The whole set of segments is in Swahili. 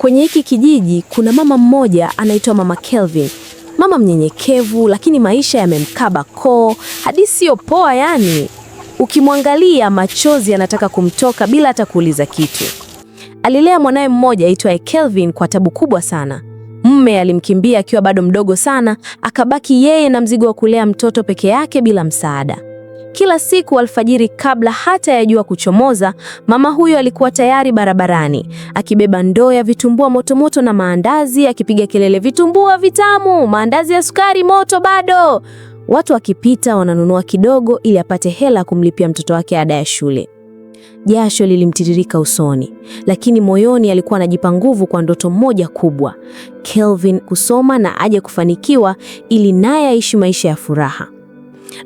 Kwenye hiki kijiji kuna mama mmoja anaitwa Mama Kelvin, mama mnyenyekevu, lakini maisha yamemkaba koo hadi sio poa. Yani ukimwangalia machozi anataka kumtoka bila hata kuuliza kitu. Alilea mwanawe mmoja aitwaye Kelvin kwa tabu kubwa sana. mme alimkimbia akiwa bado mdogo sana, akabaki yeye na mzigo wa kulea mtoto peke yake bila msaada. Kila siku alfajiri, kabla hata ya jua kuchomoza, mama huyo alikuwa tayari barabarani akibeba ndoo ya vitumbua motomoto na maandazi, akipiga kelele, vitumbua vitamu, maandazi ya sukari moto bado. Watu wakipita wananunua kidogo, ili apate hela kumlipia mtoto wake ada ya shule. Jasho lilimtiririka usoni, lakini moyoni alikuwa anajipa nguvu kwa ndoto moja kubwa: Kelvin kusoma na aje kufanikiwa, ili naye aishi maisha ya furaha.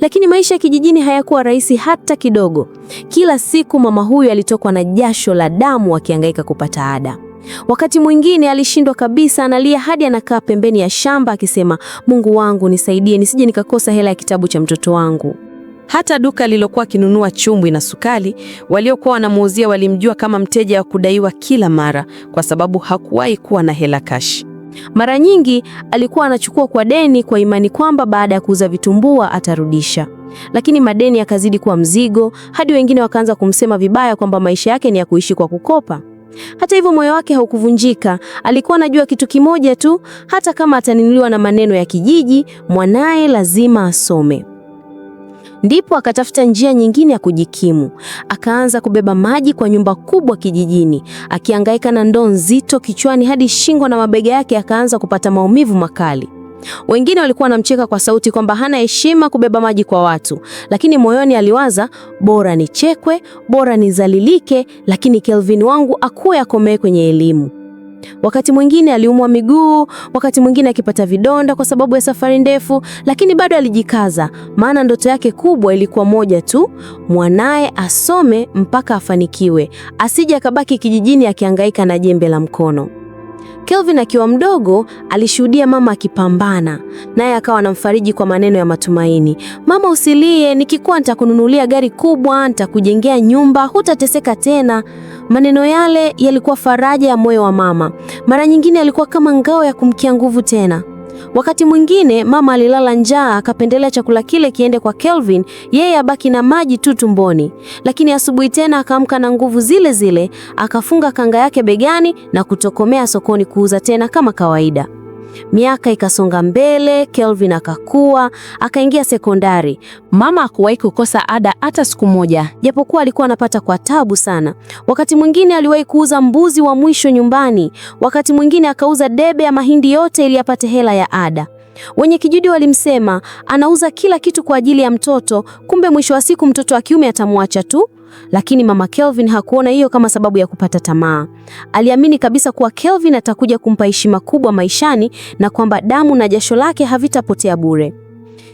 Lakini maisha ya kijijini hayakuwa rahisi hata kidogo. Kila siku mama huyu alitokwa na jasho la damu akihangaika kupata ada. Wakati mwingine alishindwa kabisa, analia hadi anakaa pembeni ya shamba akisema, Mungu wangu nisaidie, nisije nikakosa hela ya kitabu cha mtoto wangu. Hata duka lilokuwa akinunua chumvi na sukari waliokuwa wanamuuzia walimjua kama mteja wa kudaiwa kila mara, kwa sababu hakuwahi kuwa na hela kashi. Mara nyingi alikuwa anachukua kwa deni kwa imani kwamba baada ya kuuza vitumbua atarudisha, lakini madeni yakazidi kuwa mzigo hadi wengine wakaanza kumsema vibaya kwamba maisha yake ni ya kuishi kwa kukopa. Hata hivyo, moyo wake haukuvunjika. Alikuwa anajua kitu kimoja tu, hata kama ataninuliwa na maneno ya kijiji, mwanaye lazima asome. Ndipo akatafuta njia nyingine ya kujikimu. Akaanza kubeba maji kwa nyumba kubwa kijijini, akihangaika na ndoo nzito kichwani hadi shingo na mabega yake akaanza kupata maumivu makali. Wengine walikuwa wanamcheka kwa sauti kwamba hana heshima kubeba maji kwa watu, lakini moyoni aliwaza, bora nichekwe, bora nizalilike, lakini Kelvin wangu akuwe akomee kwenye elimu. Wakati mwingine aliumwa miguu, wakati mwingine akipata vidonda kwa sababu ya safari ndefu, lakini bado alijikaza, maana ndoto yake kubwa ilikuwa moja tu, mwanaye asome mpaka afanikiwe, asije akabaki kijijini akihangaika na jembe la mkono. Kelvin akiwa mdogo alishuhudia mama akipambana, naye akawa anamfariji kwa maneno ya matumaini. Mama, usilie, nikikuwa nitakununulia gari kubwa, nitakujengea nyumba, hutateseka tena. Maneno yale yalikuwa faraja ya moyo wa mama. Mara nyingine yalikuwa kama ngao ya kumkia nguvu tena. Wakati mwingine mama alilala njaa, akapendelea chakula kile kiende kwa Kelvin, yeye abaki na maji tu tumboni. Lakini asubuhi tena akaamka na nguvu zile zile, akafunga kanga yake begani na kutokomea sokoni kuuza tena kama kawaida. Miaka ikasonga mbele, Kelvin akakua, akaingia sekondari. Mama hakuwahi kukosa ada hata siku moja, japokuwa alikuwa anapata kwa tabu sana. Wakati mwingine aliwahi kuuza mbuzi wa mwisho nyumbani, wakati mwingine akauza debe ya mahindi yote ili apate hela ya ada. Wenye kijiji walimsema anauza kila kitu kwa ajili ya mtoto, kumbe mwisho wa siku mtoto wa kiume atamwacha tu. Lakini mama Kelvin hakuona hiyo kama sababu ya kupata tamaa. Aliamini kabisa kuwa Kelvin atakuja kumpa heshima kubwa maishani na kwamba damu na jasho lake havitapotea bure.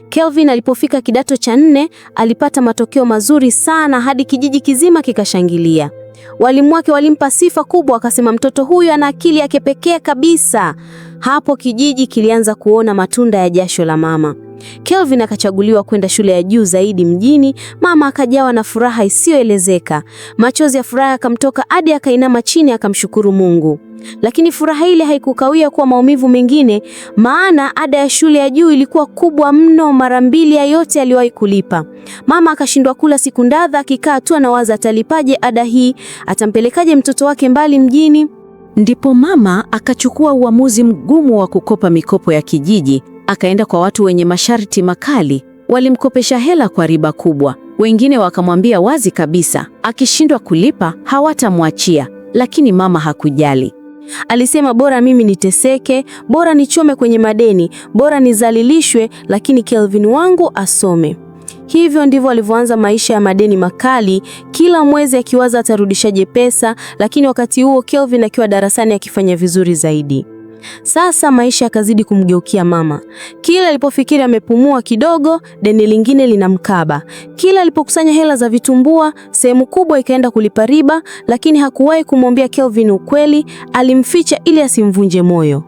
Kelvin alipofika kidato cha nne alipata matokeo mazuri sana hadi kijiji kizima kikashangilia. Walimu wake walimpa sifa kubwa, wakasema mtoto huyu ana akili yake pekee kabisa. Hapo kijiji kilianza kuona matunda ya jasho la mama. Kelvin akachaguliwa kwenda shule ya juu zaidi mjini. Mama akajawa na furaha isiyoelezeka, machozi ya furaha yakamtoka hadi akainama chini akamshukuru Mungu. Lakini furaha ile haikukawia kuwa maumivu mengine, maana ada ya shule ya juu ilikuwa kubwa mno, mara mbili ya yote aliyowahi kulipa. Mama akashindwa kula siku ndadha, akikaa tu anawaza atalipaje ada hii, atampelekaje mtoto wake mbali mjini. Ndipo mama akachukua uamuzi mgumu wa kukopa mikopo ya kijiji, akaenda kwa watu wenye masharti makali. Walimkopesha hela kwa riba kubwa, wengine wakamwambia wazi kabisa akishindwa kulipa hawatamwachia, lakini mama hakujali. Alisema bora mimi niteseke, bora nichome kwenye madeni, bora nizalilishwe, lakini Kelvin wangu asome. Hivyo ndivyo alivyoanza maisha ya madeni makali, kila mwezi akiwaza atarudishaje pesa, lakini wakati huo Kelvin akiwa darasani akifanya vizuri zaidi. Sasa maisha yakazidi kumgeukia mama. Kila alipofikiri amepumua kidogo, deni lingine linamkaba. Kila alipokusanya hela za vitumbua, sehemu kubwa ikaenda kulipa riba, lakini hakuwahi kumwambia Kelvin ukweli, alimficha ili asimvunje moyo.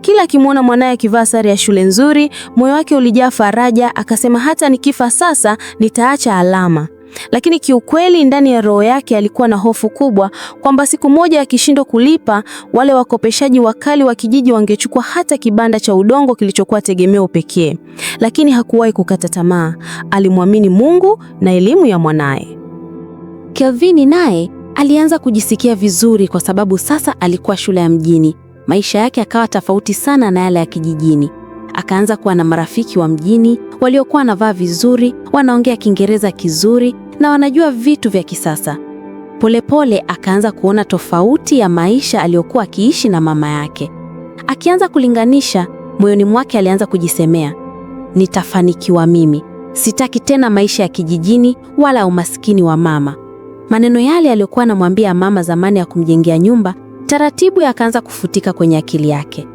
Kila akimwona mwanaye akivaa sare ya shule nzuri, moyo wake ulijaa faraja, akasema hata nikifa sasa nitaacha alama. Lakini kiukweli ndani ya roho yake alikuwa na hofu kubwa kwamba siku moja akishindwa kulipa, wale wakopeshaji wakali wa kijiji wangechukua hata kibanda cha udongo kilichokuwa tegemeo pekee. Lakini hakuwahi kukata tamaa, alimwamini Mungu na elimu ya mwanaye. Kelvin naye alianza kujisikia vizuri kwa sababu sasa alikuwa shule ya mjini Maisha yake akawa tofauti sana na yale ya kijijini. Akaanza kuwa na marafiki wa mjini waliokuwa wanavaa vizuri, wanaongea Kiingereza kizuri na wanajua vitu vya kisasa. Polepole akaanza kuona tofauti ya maisha aliyokuwa akiishi na mama yake. Akianza kulinganisha, moyoni mwake alianza kujisemea, nitafanikiwa mimi, sitaki tena maisha ya kijijini wala umaskini wa mama. Maneno yale aliyokuwa anamwambia mama zamani ya kumjengea nyumba Taratibu yakaanza kufutika kwenye akili yake.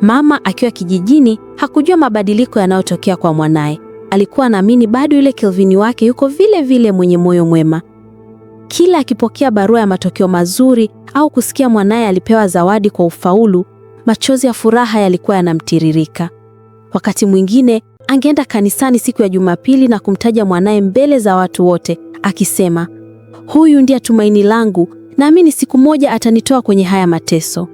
Mama akiwa kijijini hakujua mabadiliko yanayotokea kwa mwanaye. Alikuwa anaamini bado yule kelvini wake yuko vile vile mwenye moyo mwema. Kila akipokea barua ya matokeo mazuri au kusikia mwanaye alipewa zawadi kwa ufaulu, machozi ya furaha yalikuwa yanamtiririka. Wakati mwingine angeenda kanisani siku ya Jumapili na kumtaja mwanaye mbele za watu wote akisema, huyu ndiye tumaini langu, naamini siku moja atanitoa kwenye haya mateso.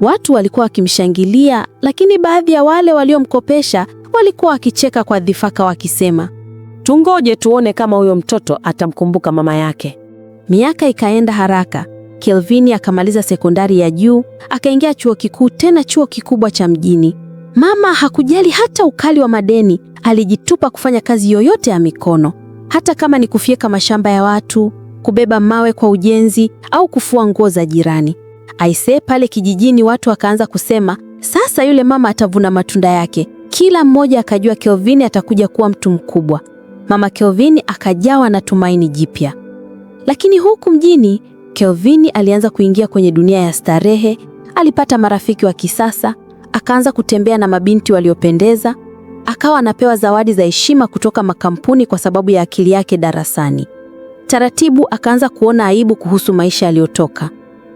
Watu walikuwa wakimshangilia, lakini baadhi ya wale waliomkopesha walikuwa wakicheka kwa dhifaka wakisema, tungoje tuone kama huyo mtoto atamkumbuka mama yake. Miaka ikaenda haraka. kelvini akamaliza sekondari ya juu, akaingia chuo kikuu, tena chuo kikubwa cha mjini. Mama hakujali hata ukali wa madeni, alijitupa kufanya kazi yoyote ya mikono, hata kama ni kufyeka mashamba ya watu, kubeba mawe kwa ujenzi au kufua nguo za jirani. Aisee, pale kijijini watu wakaanza kusema, sasa yule mama atavuna matunda yake. Kila mmoja akajua Kelvin atakuja kuwa mtu mkubwa. Mama Kelvin akajawa na tumaini jipya. Lakini huku mjini, Kelvin alianza kuingia kwenye dunia ya starehe. Alipata marafiki wa kisasa, akaanza kutembea na mabinti waliopendeza, akawa anapewa zawadi za heshima kutoka makampuni kwa sababu ya akili yake darasani. Taratibu akaanza kuona aibu kuhusu maisha aliyotoka.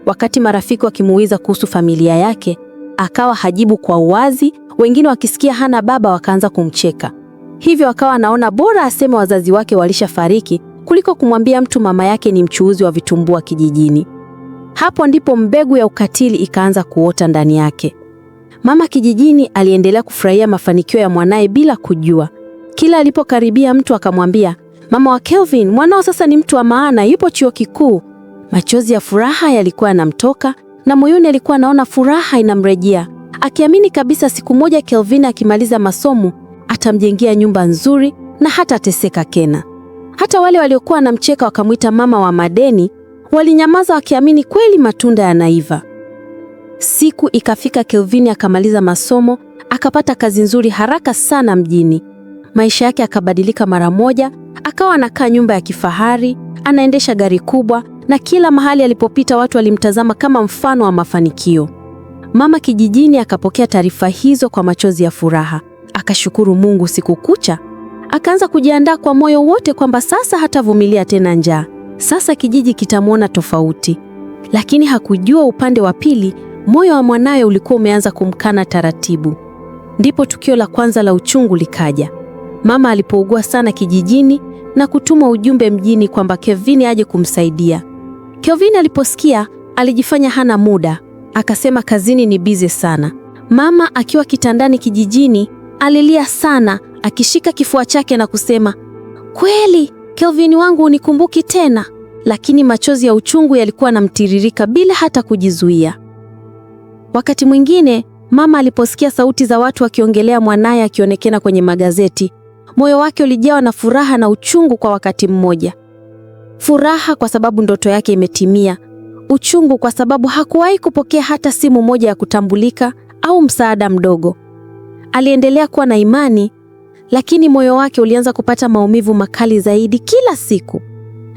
Wakati marafiki wakimuuliza kuhusu familia yake, akawa hajibu kwa uwazi, wengine wakisikia hana baba wakaanza kumcheka. Hivyo akawa anaona bora aseme wazazi wake walishafariki kuliko kumwambia mtu mama yake ni mchuuzi wa vitumbua kijijini. Hapo ndipo mbegu ya ukatili ikaanza kuota ndani yake. Mama kijijini aliendelea kufurahia mafanikio ya mwanaye bila kujua. Kila alipokaribia mtu akamwambia, Mama wa Kelvin, mwanao sasa ni mtu wa maana, yupo chuo kikuu. Machozi ya furaha yalikuwa yanamtoka na moyoni alikuwa anaona furaha inamrejea, akiamini kabisa siku moja Kelvin akimaliza masomo atamjengea nyumba nzuri na hata ateseka kena Hata wale waliokuwa wanamcheka wakamwita mama wa madeni walinyamaza, wakiamini kweli matunda yanaiva. Siku ikafika, Kelvin akamaliza masomo akapata kazi nzuri haraka sana mjini. Maisha yake akabadilika mara moja, akawa anakaa nyumba ya kifahari, anaendesha gari kubwa, na kila mahali alipopita watu walimtazama kama mfano wa mafanikio. Mama kijijini akapokea taarifa hizo kwa machozi ya furaha, akashukuru Mungu siku kucha, akaanza kujiandaa kwa moyo wote kwamba sasa hatavumilia tena njaa, sasa kijiji kitamwona tofauti. Lakini hakujua upande wa pili, moyo wa mwanawe ulikuwa umeanza kumkana taratibu. Ndipo tukio la kwanza la uchungu likaja mama alipougua sana kijijini na kutuma ujumbe mjini kwamba Kevin aje kumsaidia. Kevin aliposikia alijifanya hana muda, akasema kazini ni bize sana. Mama akiwa kitandani kijijini alilia sana, akishika kifua chake na kusema, kweli Kelvin wangu unikumbuki tena? Lakini machozi ya uchungu yalikuwa namtiririka bila hata kujizuia. Wakati mwingine mama aliposikia sauti za watu wakiongelea mwanaye akionekana kwenye magazeti, Moyo wake ulijawa na furaha na uchungu kwa wakati mmoja. Furaha kwa sababu ndoto yake imetimia, uchungu kwa sababu hakuwahi kupokea hata simu moja ya kutambulika au msaada mdogo. Aliendelea kuwa na imani, lakini moyo wake ulianza kupata maumivu makali zaidi kila siku.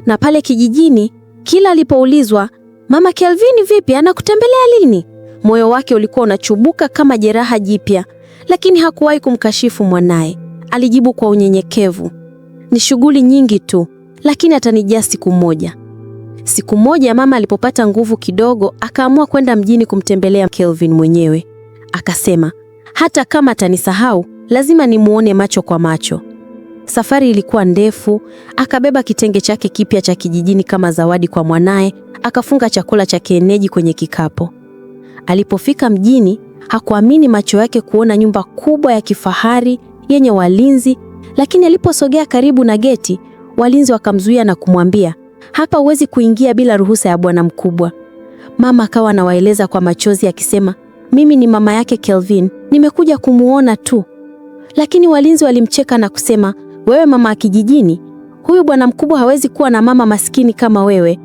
Na pale kijijini, kila alipoulizwa, Mama Kelvin vipi, anakutembelea lini? Moyo wake ulikuwa unachubuka kama jeraha jipya, lakini hakuwahi kumkashifu mwanaye alijibu kwa unyenyekevu, ni shughuli nyingi tu, lakini atanijaa siku moja. Siku moja mama alipopata nguvu kidogo, akaamua kwenda mjini kumtembelea Kelvin mwenyewe. Akasema hata kama atanisahau, lazima nimuone macho kwa macho. Safari ilikuwa ndefu. Akabeba kitenge chake kipya cha kijijini kama zawadi kwa mwanaye, akafunga chakula cha kienyeji kwenye kikapo Alipofika mjini, hakuamini macho yake kuona nyumba kubwa ya kifahari yenye walinzi, lakini aliposogea karibu na geti, walinzi wakamzuia na kumwambia, hapa huwezi kuingia bila ruhusa ya bwana mkubwa. Mama akawa anawaeleza kwa machozi akisema, mimi ni mama yake Kelvin, nimekuja kumuona tu. Lakini walinzi walimcheka na kusema, wewe mama wa kijijini, huyu bwana mkubwa hawezi kuwa na mama maskini kama wewe.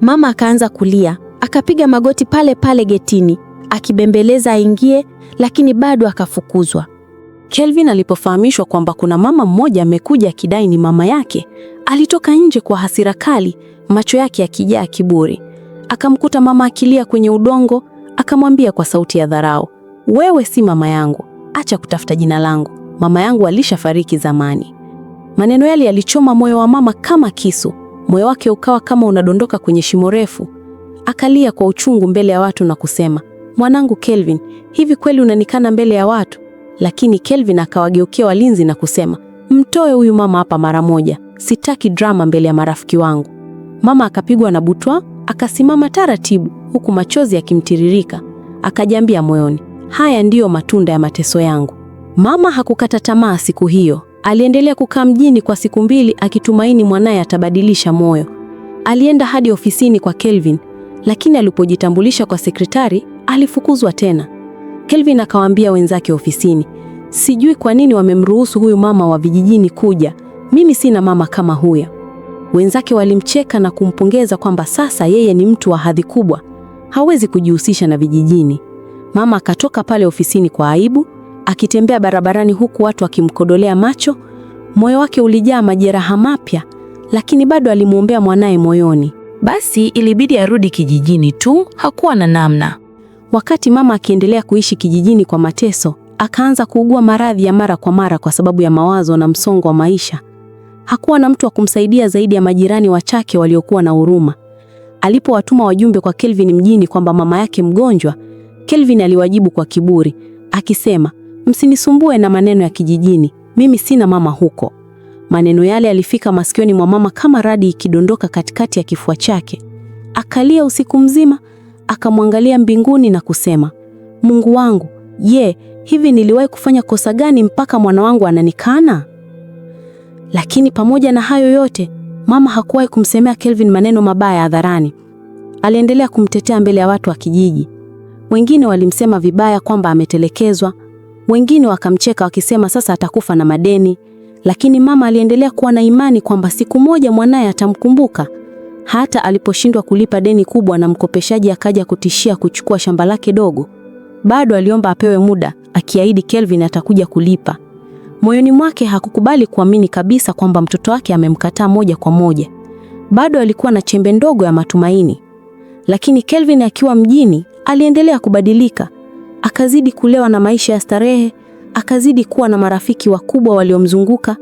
Mama akaanza kulia, akapiga magoti pale pale getini, akibembeleza aingie, lakini bado akafukuzwa. Kelvin alipofahamishwa kwamba kuna mama mmoja amekuja akidai ni mama yake, alitoka nje kwa hasira kali, macho yake yakijaa kiburi. Akamkuta mama akilia kwenye udongo, akamwambia kwa sauti ya dharau, wewe si mama yangu, acha kutafuta jina langu, mama yangu alishafariki zamani. Maneno yale yalichoma moyo wa mama kama kisu, moyo wake ukawa kama unadondoka kwenye shimo refu. Akalia kwa uchungu mbele ya watu na kusema, mwanangu Kelvin, hivi kweli unanikana mbele ya watu? Lakini Kelvin akawageukia walinzi na kusema, mtoe huyu mama hapa mara moja, sitaki drama mbele ya marafiki wangu. Mama akapigwa na butwa, akasimama taratibu, huku machozi yakimtiririka. Akajiambia moyoni, haya ndiyo matunda ya mateso yangu. Mama hakukata tamaa siku hiyo. Aliendelea kukaa mjini kwa siku mbili akitumaini mwanaye atabadilisha moyo. Alienda hadi ofisini kwa Kelvin, lakini alipojitambulisha kwa sekretari, alifukuzwa tena. Kelvin akawaambia wenzake ofisini, sijui kwa nini wamemruhusu huyu mama wa vijijini kuja, mimi sina mama kama huyo. Wenzake walimcheka na kumpongeza kwamba sasa yeye ni mtu wa hadhi kubwa, hawezi kujihusisha na vijijini. Mama akatoka pale ofisini kwa aibu, akitembea barabarani huku watu wakimkodolea macho. Moyo wake ulijaa majeraha mapya, lakini bado alimwombea mwanaye moyoni. Basi ilibidi arudi kijijini tu, hakuwa na namna. Wakati mama akiendelea kuishi kijijini kwa mateso, akaanza kuugua maradhi ya mara kwa mara kwa sababu ya mawazo na msongo wa maisha. Hakuwa na mtu wa kumsaidia zaidi ya majirani wachache waliokuwa na huruma. Alipowatuma wajumbe kwa Kelvin mjini kwamba mama yake mgonjwa, Kelvin aliwajibu kwa kiburi akisema, msinisumbue na maneno ya kijijini, mimi sina mama huko. Maneno yale yalifika masikioni mwa mama kama radi ikidondoka katikati ya kifua chake. Akalia usiku mzima akamwangalia mbinguni na kusema, Mungu wangu, je, hivi niliwahi kufanya kosa gani mpaka mwana wangu ananikana? Lakini pamoja na hayo yote, mama hakuwahi kumsemea Kelvin maneno mabaya hadharani. Aliendelea kumtetea mbele ya watu wa kijiji. Wengine walimsema vibaya kwamba ametelekezwa, wengine wakamcheka wakisema sasa atakufa na madeni, lakini mama aliendelea kuwa na imani kwamba siku moja mwanaye atamkumbuka. Hata aliposhindwa kulipa deni kubwa na mkopeshaji akaja kutishia kuchukua shamba lake dogo, bado aliomba apewe muda, akiahidi Kelvin atakuja kulipa. Moyoni mwake hakukubali kuamini kabisa kwamba mtoto wake amemkataa moja kwa moja. Bado alikuwa na chembe ndogo ya matumaini. Lakini Kelvin akiwa mjini, aliendelea kubadilika. Akazidi kulewa na maisha ya starehe, akazidi kuwa na marafiki wakubwa waliomzunguka,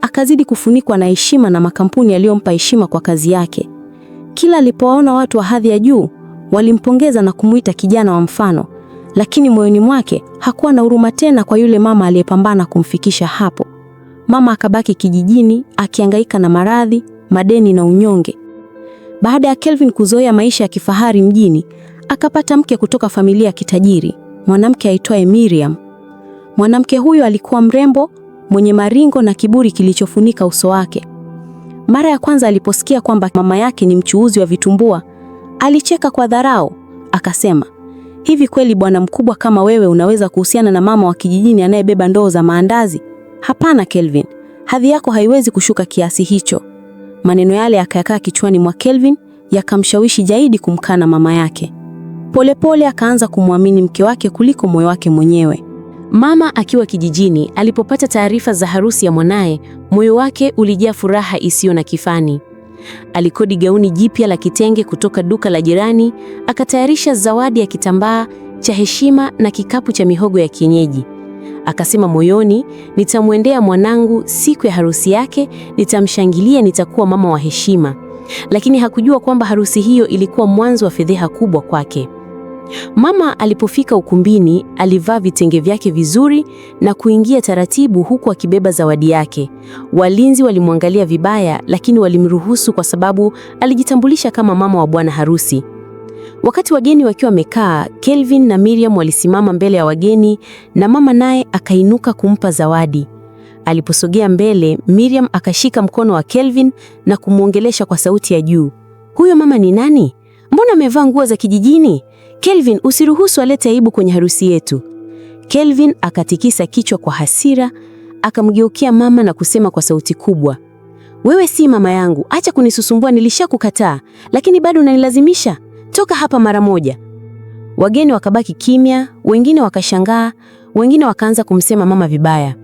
akazidi kufunikwa na heshima na makampuni yaliyompa heshima kwa kazi yake. Kila alipowaona watu wa hadhi ya juu walimpongeza na kumuita kijana wa mfano, lakini moyoni mwake hakuwa na huruma tena kwa yule mama aliyepambana kumfikisha hapo. Mama akabaki kijijini akihangaika na maradhi, madeni na unyonge. Baada ya Kelvin kuzoea maisha ya kifahari mjini, akapata mke kutoka familia ya kitajiri, mwanamke aitwaye Miriam. Mwanamke huyo alikuwa mrembo, mwenye maringo na kiburi kilichofunika uso wake. Mara ya kwanza aliposikia kwamba mama yake ni mchuuzi wa vitumbua, alicheka kwa dharau, akasema, hivi kweli bwana mkubwa kama wewe unaweza kuhusiana na mama wa kijijini anayebeba ndoo za maandazi? Hapana Kelvin, hadhi yako haiwezi kushuka kiasi hicho. Maneno yale yakayakaa kichwani mwa Kelvin, yakamshawishi Jaidi kumkana mama yake. Polepole akaanza kumwamini mke wake kuliko moyo wake mwenyewe. Mama akiwa kijijini alipopata taarifa za harusi ya mwanaye, moyo wake ulijaa furaha isiyo na kifani. Alikodi gauni jipya la kitenge kutoka duka la jirani, akatayarisha zawadi ya kitambaa cha heshima na kikapu cha mihogo ya kienyeji. Akasema moyoni, nitamwendea mwanangu siku ya harusi yake, nitamshangilia, nitakuwa mama wa heshima. Lakini hakujua kwamba harusi hiyo ilikuwa mwanzo wa fedheha kubwa kwake. Mama alipofika ukumbini, alivaa vitenge vyake vizuri na kuingia taratibu huku akibeba zawadi yake. Walinzi walimwangalia vibaya, lakini walimruhusu kwa sababu alijitambulisha kama mama wa bwana harusi. Wakati wageni wakiwa wamekaa, Kelvin na Miriam walisimama mbele ya wageni na mama naye akainuka kumpa zawadi. Aliposogea mbele, Miriam akashika mkono wa Kelvin na kumwongelesha kwa sauti ya juu. Huyo mama ni nani? Mbona amevaa nguo za kijijini? Kelvin, usiruhusu alete aibu kwenye harusi yetu. Kelvin akatikisa kichwa kwa hasira, akamgeukia mama na kusema kwa sauti kubwa, wewe si mama yangu, acha kunisusumbua. Nilishakukataa, lakini bado unanilazimisha. Toka hapa mara moja. Wageni wakabaki kimya, wengine wakashangaa, wengine wakaanza kumsema mama vibaya.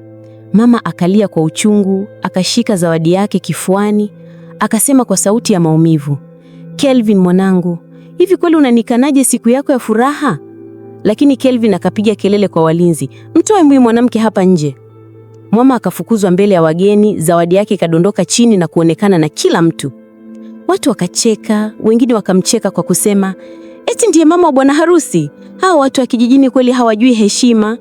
Mama akalia kwa uchungu, akashika zawadi yake kifuani, akasema kwa sauti ya maumivu, Kelvin mwanangu hivi kweli unanikanaje siku yako ya furaha? Lakini Kelvin akapiga kelele kwa walinzi, mtoe mwi mwanamke hapa nje. Mwama akafukuzwa mbele ya wageni, zawadi yake ikadondoka chini na kuonekana na kila mtu. Watu wakacheka, wengine wakamcheka kwa kusema eti ndiye mama wa bwana harusi. Hawa watu wa kijijini kweli hawajui heshima.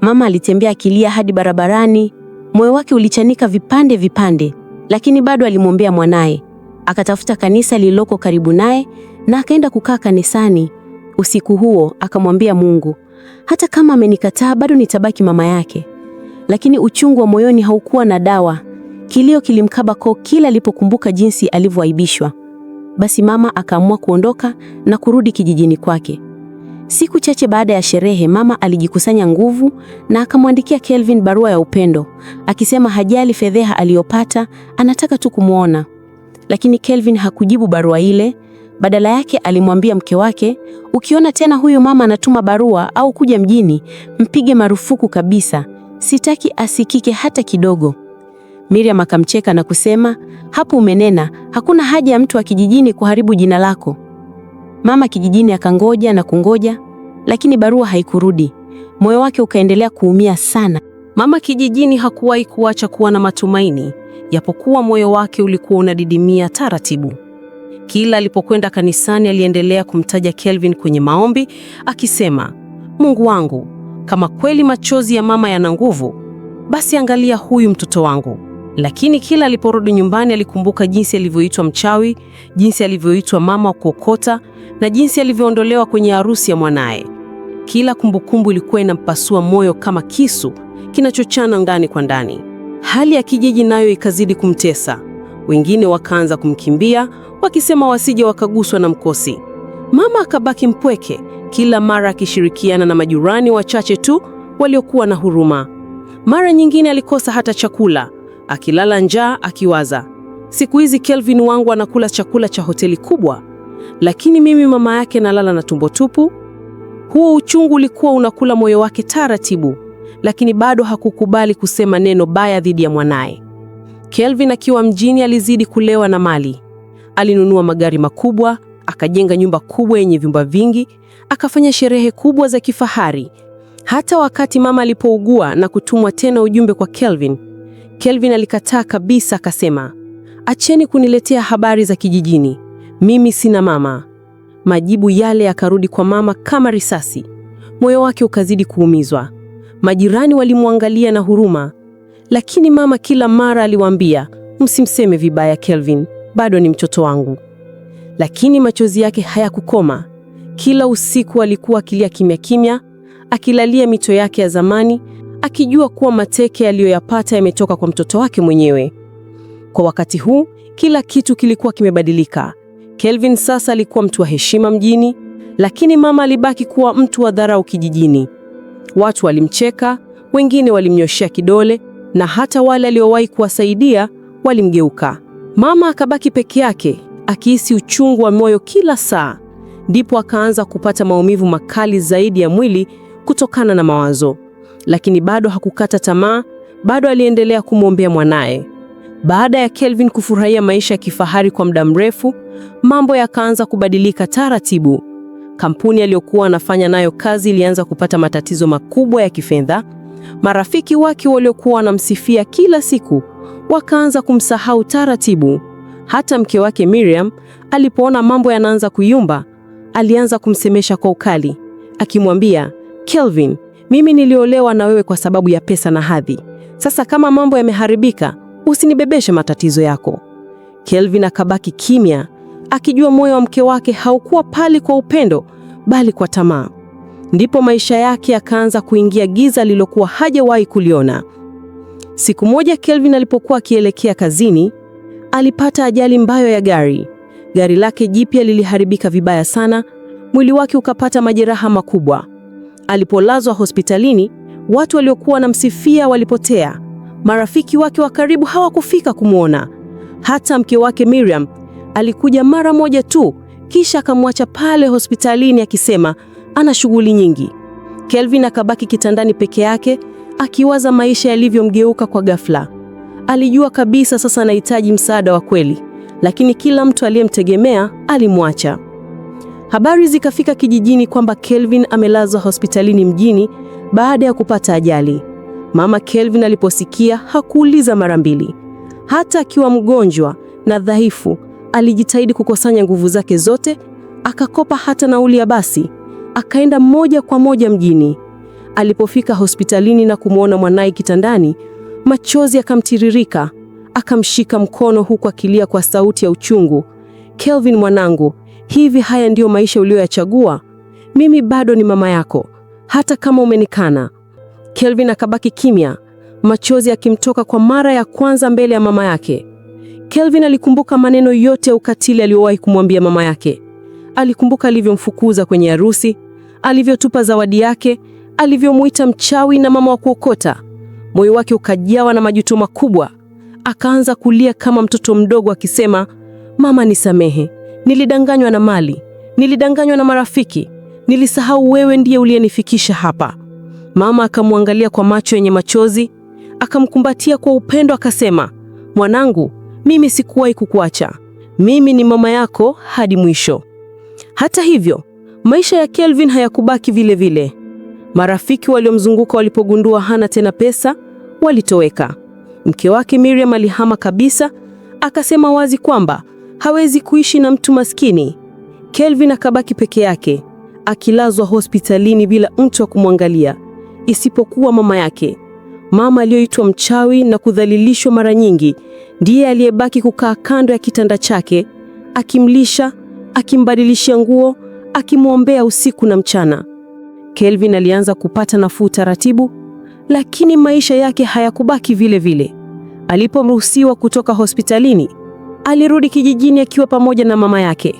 Mama alitembea akilia hadi barabarani, moyo wake ulichanika vipande vipande, lakini bado alimwombea mwanaye. Akatafuta kanisa lililoko karibu naye na akaenda kukaa kanisani usiku huo, akamwambia Mungu, hata kama amenikataa bado nitabaki mama yake. Lakini uchungu wa moyoni haukuwa na dawa. Kilio kilimkaba koo kila alipokumbuka jinsi alivyoaibishwa. Basi mama akaamua kuondoka na kurudi kijijini kwake. Siku chache baada ya sherehe, mama alijikusanya nguvu na akamwandikia Kelvin barua ya upendo, akisema hajali fedheha aliyopata, anataka tu kumwona. Lakini Kelvin hakujibu barua ile, badala yake alimwambia mke wake, ukiona tena huyu mama anatuma barua au kuja mjini, mpige marufuku kabisa, sitaki asikike hata kidogo. Miriam akamcheka na kusema, hapo umenena, hakuna haja ya mtu wa kijijini kuharibu jina lako. Mama kijijini akangoja na kungoja, lakini barua haikurudi. Moyo wake ukaendelea kuumia sana. Mama kijijini hakuwahi kuacha kuwa na matumaini, japokuwa moyo wake ulikuwa unadidimia taratibu. Kila alipokwenda kanisani, aliendelea kumtaja Kelvin kwenye maombi akisema, Mungu wangu, kama kweli machozi ya mama yana nguvu, basi angalia huyu mtoto wangu. Lakini kila aliporudi nyumbani, alikumbuka jinsi alivyoitwa mchawi, jinsi alivyoitwa mama wa kuokota na jinsi alivyoondolewa kwenye harusi ya mwanaye. Kila kumbukumbu ilikuwa inampasua moyo kama kisu kinachochana ngani kwa ndani. Hali ya kijiji nayo ikazidi kumtesa. Wengine wakaanza kumkimbia wakisema wasije wakaguswa na mkosi. Mama akabaki mpweke, kila mara akishirikiana na majirani wachache tu waliokuwa na huruma. Mara nyingine alikosa hata chakula, akilala njaa akiwaza, siku hizi Kelvin wangu anakula chakula cha hoteli kubwa, lakini mimi mama yake nalala na tumbo tupu. Huo uchungu ulikuwa unakula moyo wake taratibu, lakini bado hakukubali kusema neno baya dhidi ya mwanaye. Kelvin akiwa mjini alizidi kulewa na mali. Alinunua magari makubwa, akajenga nyumba kubwa yenye vyumba vingi, akafanya sherehe kubwa za kifahari. Hata wakati mama alipougua na kutumwa tena ujumbe kwa Kelvin, Kelvin alikataa kabisa, akasema, acheni kuniletea habari za kijijini, mimi sina mama. Majibu yale yakarudi kwa mama kama risasi. Moyo wake ukazidi kuumizwa. Majirani walimwangalia na huruma, lakini mama kila mara aliwaambia, msimseme vibaya Kelvin, bado ni mtoto wangu. Lakini machozi yake hayakukoma. Kila usiku alikuwa akilia kimya kimya, akilalia mito yake ya zamani, akijua kuwa mateke aliyoyapata yametoka kwa mtoto wake mwenyewe. Kwa wakati huu kila kitu kilikuwa kimebadilika. Kelvin sasa alikuwa mtu wa heshima mjini, lakini mama alibaki kuwa mtu wa dharau kijijini. Watu walimcheka, wengine walimnyoshea kidole, na hata wale aliowahi kuwasaidia walimgeuka. Mama akabaki peke yake akihisi uchungu wa moyo kila saa. Ndipo akaanza kupata maumivu makali zaidi ya mwili kutokana na mawazo, lakini bado hakukata tamaa. Bado aliendelea kumwombea mwanaye. Baada ya Kelvin kufurahia maisha ya kifahari kwa muda mrefu, mambo yakaanza kubadilika taratibu. Kampuni aliyokuwa anafanya nayo kazi ilianza kupata matatizo makubwa ya kifedha, Marafiki wake waliokuwa wanamsifia kila siku wakaanza kumsahau taratibu. Hata mke wake Miriam alipoona mambo yanaanza kuyumba, alianza kumsemesha kwa ukali, akimwambia Kelvin, mimi niliolewa na wewe kwa sababu ya pesa na hadhi. Sasa kama mambo yameharibika, usinibebeshe matatizo yako. Kelvin akabaki kimya, akijua moyo wa mke wake haukuwa pali kwa upendo, bali kwa tamaa ndipo maisha yake yakaanza kuingia giza lilokuwa hajawahi kuliona. Siku moja Kelvin alipokuwa akielekea kazini, alipata ajali mbaya ya gari. Gari lake jipya liliharibika vibaya sana, mwili wake ukapata majeraha makubwa. Alipolazwa hospitalini, watu waliokuwa wanamsifia walipotea. Marafiki wake wa karibu hawakufika kumwona. Hata mke wake Miriam alikuja mara moja tu, kisha akamwacha pale hospitalini akisema ana shughuli nyingi. Kelvin akabaki kitandani peke yake akiwaza maisha yalivyomgeuka kwa ghafla. Alijua kabisa sasa anahitaji msaada wa kweli, lakini kila mtu aliyemtegemea alimwacha. Habari zikafika kijijini kwamba Kelvin amelazwa hospitalini mjini baada ya kupata ajali. Mama Kelvin aliposikia hakuuliza mara mbili. Hata akiwa mgonjwa na dhaifu, alijitahidi kukusanya nguvu zake zote, akakopa hata nauli ya basi akaenda moja kwa moja mjini. Alipofika hospitalini na kumwona mwanaye kitandani, machozi akamtiririka, akamshika mkono huku akilia kwa sauti ya uchungu, Kelvin mwanangu, hivi haya ndiyo maisha uliyoyachagua? Mimi bado ni mama yako, hata kama umenikana. Kelvin akabaki kimya, machozi akimtoka kwa mara ya kwanza mbele ya mama yake. Kelvin alikumbuka maneno yote ya ukatili aliyowahi kumwambia mama yake. Alikumbuka alivyomfukuza kwenye harusi, alivyotupa zawadi yake, alivyomuita mchawi na mama wa kuokota. Moyo wake ukajawa na majuto makubwa, akaanza kulia kama mtoto mdogo akisema, mama, nisamehe, nilidanganywa na mali, nilidanganywa na marafiki, nilisahau wewe ndiye uliyenifikisha hapa. Mama akamwangalia kwa macho yenye machozi, akamkumbatia kwa upendo, akasema, mwanangu, mimi sikuwahi kukuacha, mimi ni mama yako hadi mwisho. Hata hivyo, maisha ya Kelvin hayakubaki vile vile. Marafiki waliomzunguka walipogundua hana tena pesa, walitoweka. Mke wake Miriam alihama kabisa, akasema wazi kwamba hawezi kuishi na mtu maskini. Kelvin akabaki peke yake, akilazwa hospitalini bila mtu wa kumwangalia isipokuwa mama yake. Mama aliyoitwa mchawi na kudhalilishwa mara nyingi, ndiye aliyebaki kukaa kando ya kitanda chake akimlisha akimbadilishia nguo, akimwombea usiku na mchana. Kelvin alianza kupata nafuu taratibu, lakini maisha yake hayakubaki vile vile. Aliporuhusiwa kutoka hospitalini, alirudi kijijini akiwa pamoja na mama yake.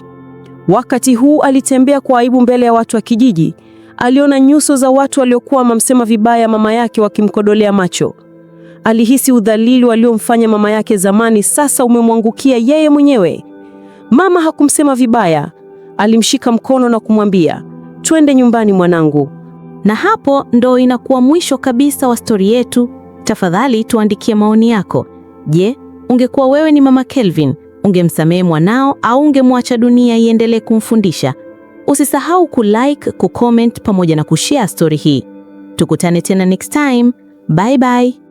Wakati huu alitembea kwa aibu mbele ya watu wa kijiji. Aliona nyuso za watu waliokuwa wamemsema vibaya mama yake wakimkodolea macho. Alihisi udhalili waliomfanya mama yake zamani sasa umemwangukia yeye mwenyewe. Mama hakumsema vibaya, alimshika mkono na kumwambia twende nyumbani mwanangu. Na hapo ndo inakuwa mwisho kabisa wa stori yetu. Tafadhali tuandikie maoni yako. Je, ungekuwa wewe ni mama Kelvin, ungemsamehe mwanao au ungemwacha dunia iendelee kumfundisha? Usisahau kulike, kucomment pamoja na kushare stori hii. Tukutane tena next time. Bye bye.